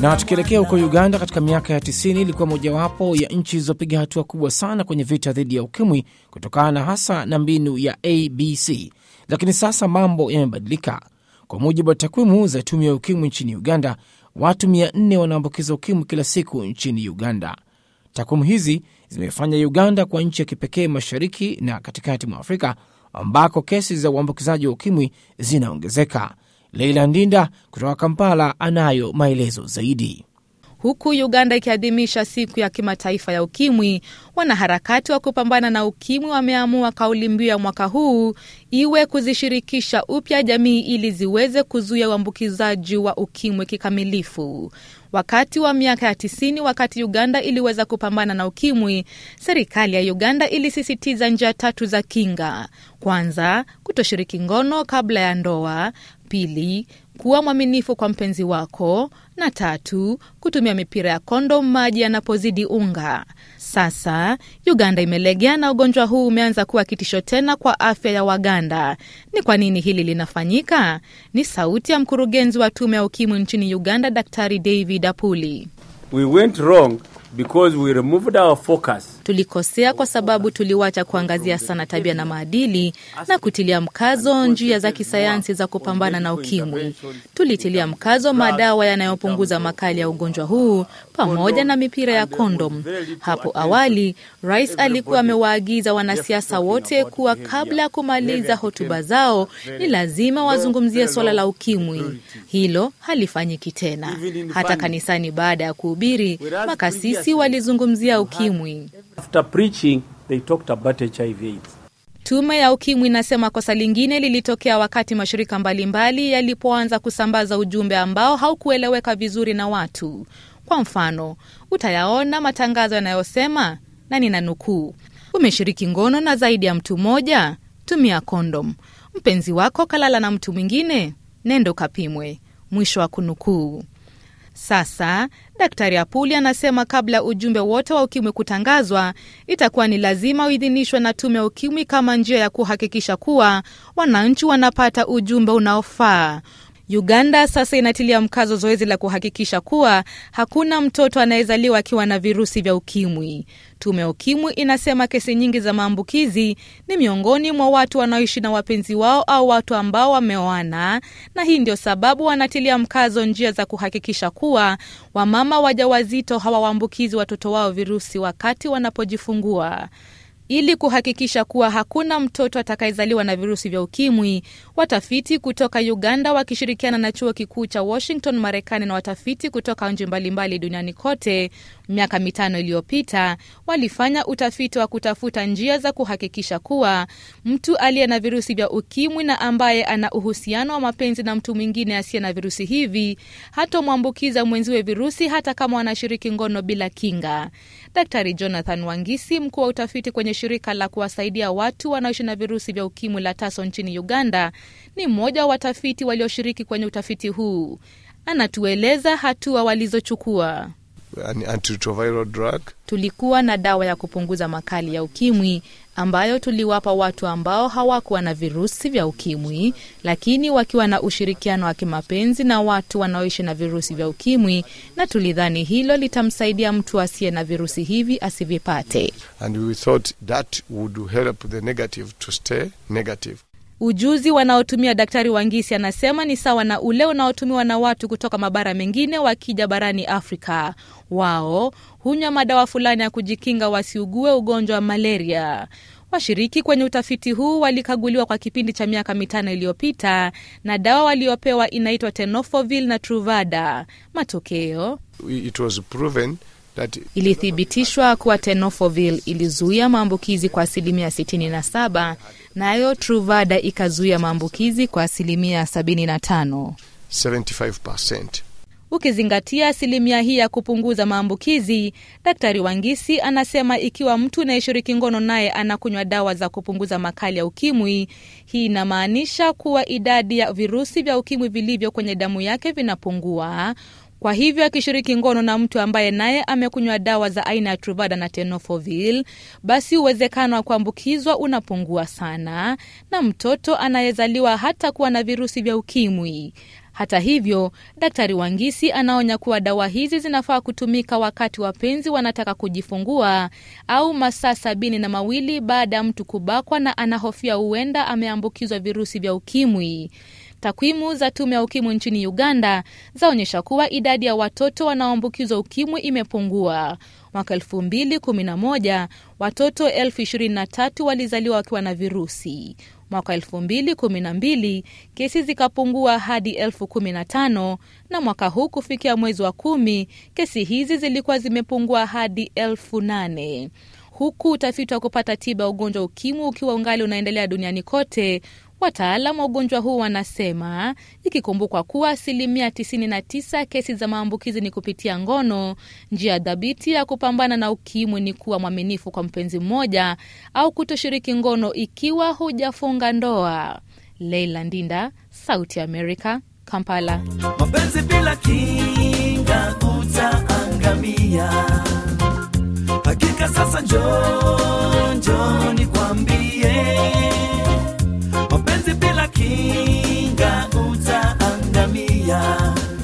Na tukielekea huko Uganda, katika miaka ya 90 ilikuwa mojawapo ya nchi zilizopiga hatua kubwa sana kwenye vita dhidi ya ukimwi kutokana hasa na mbinu ya ABC, lakini sasa mambo yamebadilika. Kwa mujibu wa takwimu za tume ya ukimwi nchini Uganda, watu 400 wanaambukiza ukimwi kila siku nchini Uganda. Takwimu hizi zimefanya Uganda kwa nchi ya kipekee mashariki na katikati mwa Afrika ambako kesi za uambukizaji wa ukimwi zinaongezeka. Leila Ndinda kutoka Kampala anayo maelezo zaidi. Huku Uganda ikiadhimisha siku ya kimataifa ya ukimwi, wanaharakati wa kupambana na ukimwi wameamua kauli mbiu ya mwaka huu iwe kuzishirikisha upya jamii ili ziweze kuzuia uambukizaji wa ukimwi kikamilifu. Wakati wa miaka ya tisini, wakati Uganda iliweza kupambana na ukimwi, serikali ya Uganda ilisisitiza njia tatu za kinga: kwanza, kutoshiriki ngono kabla ya ndoa; pili, kuwa mwaminifu kwa mpenzi wako, na tatu, kutumia mipira ya kondo maji yanapozidi unga. Sasa Uganda imelegea na ugonjwa huu umeanza kuwa kitisho tena kwa afya ya Waganda. Ni kwa nini hili linafanyika? Ni sauti ya mkurugenzi wa tume ya ukimwi nchini Uganda, Daktari David Apuli. We went wrong because we removed our focus Tulikosea kwa sababu tuliwacha kuangazia sana tabia na maadili na kutilia mkazo njia za kisayansi za kupambana na ukimwi. Tulitilia mkazo madawa yanayopunguza makali ya ugonjwa huu pamoja na mipira ya kondom. Hapo awali, rais alikuwa amewaagiza wanasiasa wote kuwa kabla ya kumaliza hotuba zao ni lazima wazungumzie suala la ukimwi. Hilo halifanyiki tena. Hata kanisani, baada ya kuhubiri, makasisi walizungumzia ukimwi. After preaching, they talked about HIV AIDS. Tume ya ukimwi inasema kosa lingine lilitokea wakati mashirika mbalimbali yalipoanza kusambaza ujumbe ambao haukueleweka vizuri na watu. Kwa mfano, utayaona matangazo yanayosema na nina nukuu, umeshiriki ngono na zaidi ya mtu mmoja, tumia kondom. Mpenzi wako kalala na mtu mwingine, nendo kapimwe. Mwisho wa kunukuu. Sasa Daktari Apuli anasema kabla ujumbe wote wa ukimwi kutangazwa, itakuwa ni lazima uidhinishwe na tume ya ukimwi kama njia ya kuhakikisha kuwa wananchi wanapata ujumbe unaofaa. Uganda sasa inatilia mkazo zoezi la kuhakikisha kuwa hakuna mtoto anayezaliwa akiwa na virusi vya ukimwi. Tume ya Ukimwi inasema kesi nyingi za maambukizi ni miongoni mwa watu wanaoishi na wapenzi wao au watu ambao wameoana, na hii ndio sababu wanatilia mkazo njia za kuhakikisha kuwa wamama wajawazito hawawaambukizi watoto wao virusi wakati wanapojifungua ili kuhakikisha kuwa hakuna mtoto atakayezaliwa na virusi vya ukimwi. Watafiti kutoka Uganda wakishirikiana na chuo kikuu cha Washington Marekani na watafiti kutoka nchi mbalimbali duniani kote Miaka mitano iliyopita walifanya utafiti wa kutafuta njia za kuhakikisha kuwa mtu aliye na virusi vya ukimwi na ambaye ana uhusiano wa mapenzi na mtu mwingine asiye na virusi hivi hatomwambukiza mwenziwe virusi hata kama wanashiriki ngono bila kinga. Daktari Jonathan Wangisi, mkuu wa utafiti kwenye shirika la kuwasaidia watu wanaoishi na virusi vya ukimwi la TASO nchini Uganda, ni mmoja wa watafiti walioshiriki kwenye utafiti huu. Anatueleza hatua walizochukua an antiretroviral drug. Tulikuwa na dawa ya kupunguza makali ya ukimwi ambayo tuliwapa watu ambao hawakuwa na virusi vya ukimwi, lakini wakiwa na ushirikiano wa kimapenzi na watu wanaoishi na virusi vya ukimwi, na tulidhani hilo litamsaidia mtu asiye na virusi hivi asivipate. And we thought that would help the negative to stay negative. Ujuzi wanaotumia Daktari Wangisi anasema ni sawa na ule unaotumiwa na watu kutoka mabara mengine wakija barani Afrika. Wao hunywa madawa fulani ya kujikinga wasiugue ugonjwa wa malaria. Washiriki kwenye utafiti huu walikaguliwa kwa kipindi cha miaka mitano iliyopita na dawa waliopewa inaitwa tenofovir na Truvada. Matokeo It was proven Ilithibitishwa kuwa tenofovil ilizuia maambukizi kwa asilimia 67, nayo na Truvada ikazuia maambukizi kwa asilimia 75. Ukizingatia asilimia hii ya kupunguza maambukizi, Daktari Wangisi anasema ikiwa mtu anayeshiriki ngono naye anakunywa dawa za kupunguza makali ya ukimwi, hii inamaanisha kuwa idadi ya virusi vya ukimwi vilivyo kwenye damu yake vinapungua, kwa hivyo akishiriki ngono na mtu ambaye naye amekunywa dawa za aina ya Truvada na Tenofovir, basi uwezekano wa kuambukizwa unapungua sana, na mtoto anayezaliwa hata kuwa na virusi vya ukimwi. Hata hivyo, Daktari Wangisi anaonya kuwa dawa hizi zinafaa kutumika wakati wapenzi wanataka kujifungua au masaa sabini na mawili baada ya mtu kubakwa na anahofia huenda ameambukizwa virusi vya ukimwi. Takwimu za tume ya ukimwi nchini Uganda zaonyesha kuwa idadi ya watoto wanaoambukizwa ukimwi imepungua. Mwaka moja watoto elfu 23 walizaliwa wakiwa na virusi. Mwaka mbili kesi zikapungua hadi elfu 15 na mwaka huu kufikia mwezi wa kumi kesi hizi zilikuwa zimepungua hadi elfu 8 huku utafiti wa kupata tiba ya ugonjwa ukimwi ukiwa ungali unaendelea duniani kote, Wataalam wa ugonjwa huu wanasema ikikumbukwa kuwa asilimia 99 kesi za maambukizi ni kupitia ngono, njia dhabiti ya kupambana na ukimwi ni kuwa mwaminifu kwa mpenzi mmoja au kutoshiriki ngono ikiwa hujafunga ndoa. Leila Ndinda, Sauti ya Amerika, Kampala. Mapenzi bila kinga utaangamia. Hakika sasa njo, njo nikwambie